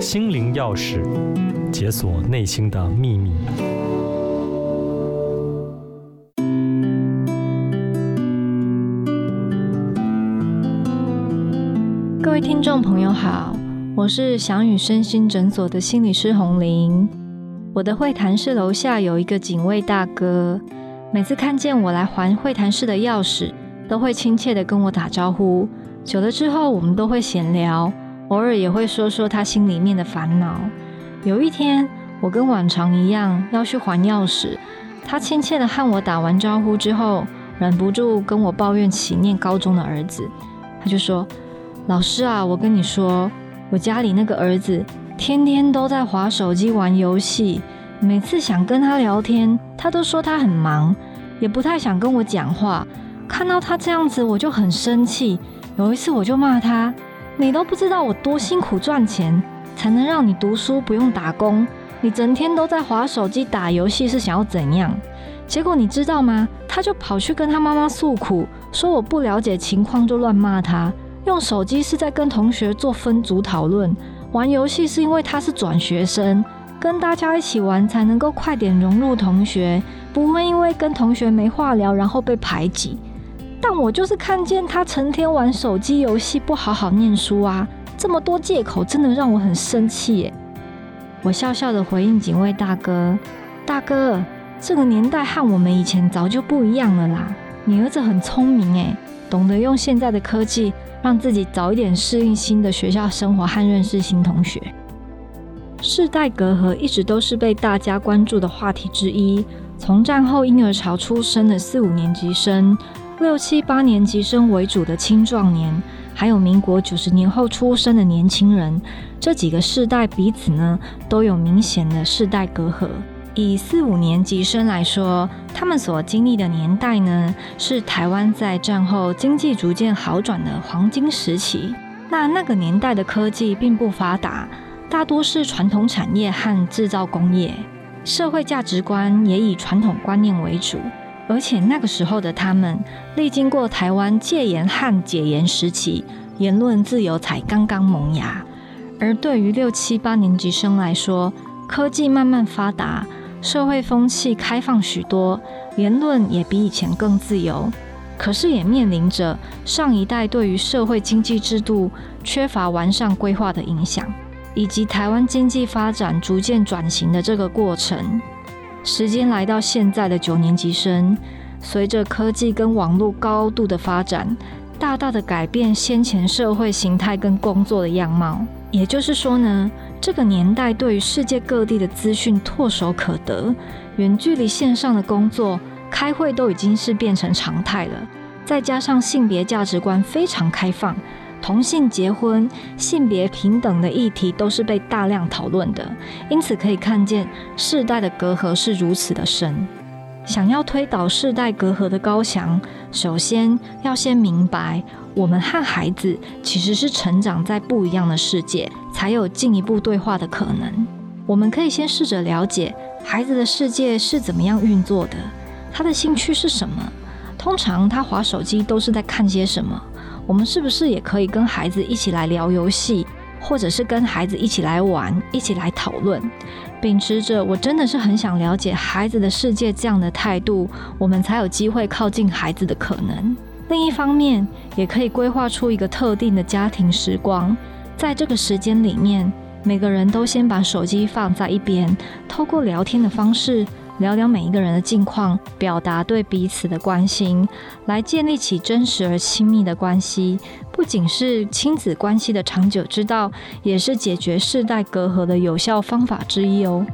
心靈鑰匙，解鎖內心的祕密。各位聽眾朋友好，我是翔宇身心診所的心理師洪玲。我的會談室樓下有一個警衛大哥，每次看見我來還會談室的鑰匙，都會親切地跟我打招呼。久了之後，我們都會閒聊。偶爾也會說說他心裡面的煩惱。有一天，我跟往常一樣要去還鑰匙，他親切的和我打完招呼之後，忍不住跟我抱怨起念高中的兒子。他就說：“老師啊，我跟你說，我家裡那個兒子天天都在滑手機玩遊戲，每次想跟他聊天，他都說他很忙，也不太想跟我講話。看到他這樣子，我就很生氣。有一次，我就罵他。”你都不知道我多辛苦賺錢，才能讓你讀書不用打工。你整天都在滑手機打遊戲，是想要怎樣？結果你知道嗎？他就跑去跟他媽媽訴苦，說我不了解情況就亂罵他。用手機是在跟同學做分組討論，玩遊戲是因為他是轉學生，跟大家一起玩才能夠快點融入同學，不會因為跟同學沒話聊然後被排擠。但我就是看見他成天玩手機遊戲，不好好念書啊！這麼多借口，真的讓我很生氣耶！我笑笑的回應警衛大哥：“大哥，這個年代和我們以前早就不一樣了啦。你兒子很聰明哎，懂得用現在的科技，讓自己早一點適應新的學校生活和認識新同學。”世代隔閡一直都是被大家關注的話題之一。從戰後嬰兒潮出生的四五年級生。六七八年級生為主的青壯年，還有民國九十年後出生的年輕人，這幾個世代彼此呢都有明顯的世代隔閡。以四五年級生來說，他們所經歷的年代呢是台灣在戰後經濟逐漸好轉的黃金時期。那那個年代的科技並不發達，大多是傳統產業和製造工業，社會價值觀也以傳統觀念為主。而且那個時候的他們，歷經過台灣戒嚴和解嚴時期，言論自由才剛剛萌芽。而對於六七八年級生來說，科技慢慢發達，社會風氣開放許多，言論也比以前更自由。可是也面臨着上一代對於社會經濟制度缺乏完善規劃的影響，以及台灣經濟發展逐漸轉型的這個過程。時間來到現在的九年級生，隨着科技跟網絡高度的發展，大大的改變先前社會形態跟工作的樣貌。也就是說呢，這個年代對於世界各地的資訊唾手可得，遠距離線上的工作開會都已經是變成常態了。再加上性別價值觀非常開放。同性結婚、性別平等的議題都是被大量討論的，因此可以看見世代的隔閡是如此的深。想要推倒世代隔閡的高牆，首先要先明白，我們和孩子其實是成長在不一樣的世界，才有進一步對話的可能。我們可以先試着了解孩子的世界是怎麼樣運作的，他的興趣是什麼，通常他滑手機都是在看些什麼？我們是不是也可以跟孩子一起來聊遊戲，或者是跟孩子一起來玩、一起來討論？秉持着我真的是很想了解孩子的世界這樣的態度，我們才有機會靠近孩子的可能。另一方面，也可以規劃出一個特定的家庭時光，在這個時間裡面，每個人都先把手機放在一邊，透過聊天的方式。聊聊每一個人的近況，表達對彼此的關心，來建立起真實而親密的關係。不僅是親子關係的長久之道，也是解決世代隔閡的有效方法之一哦。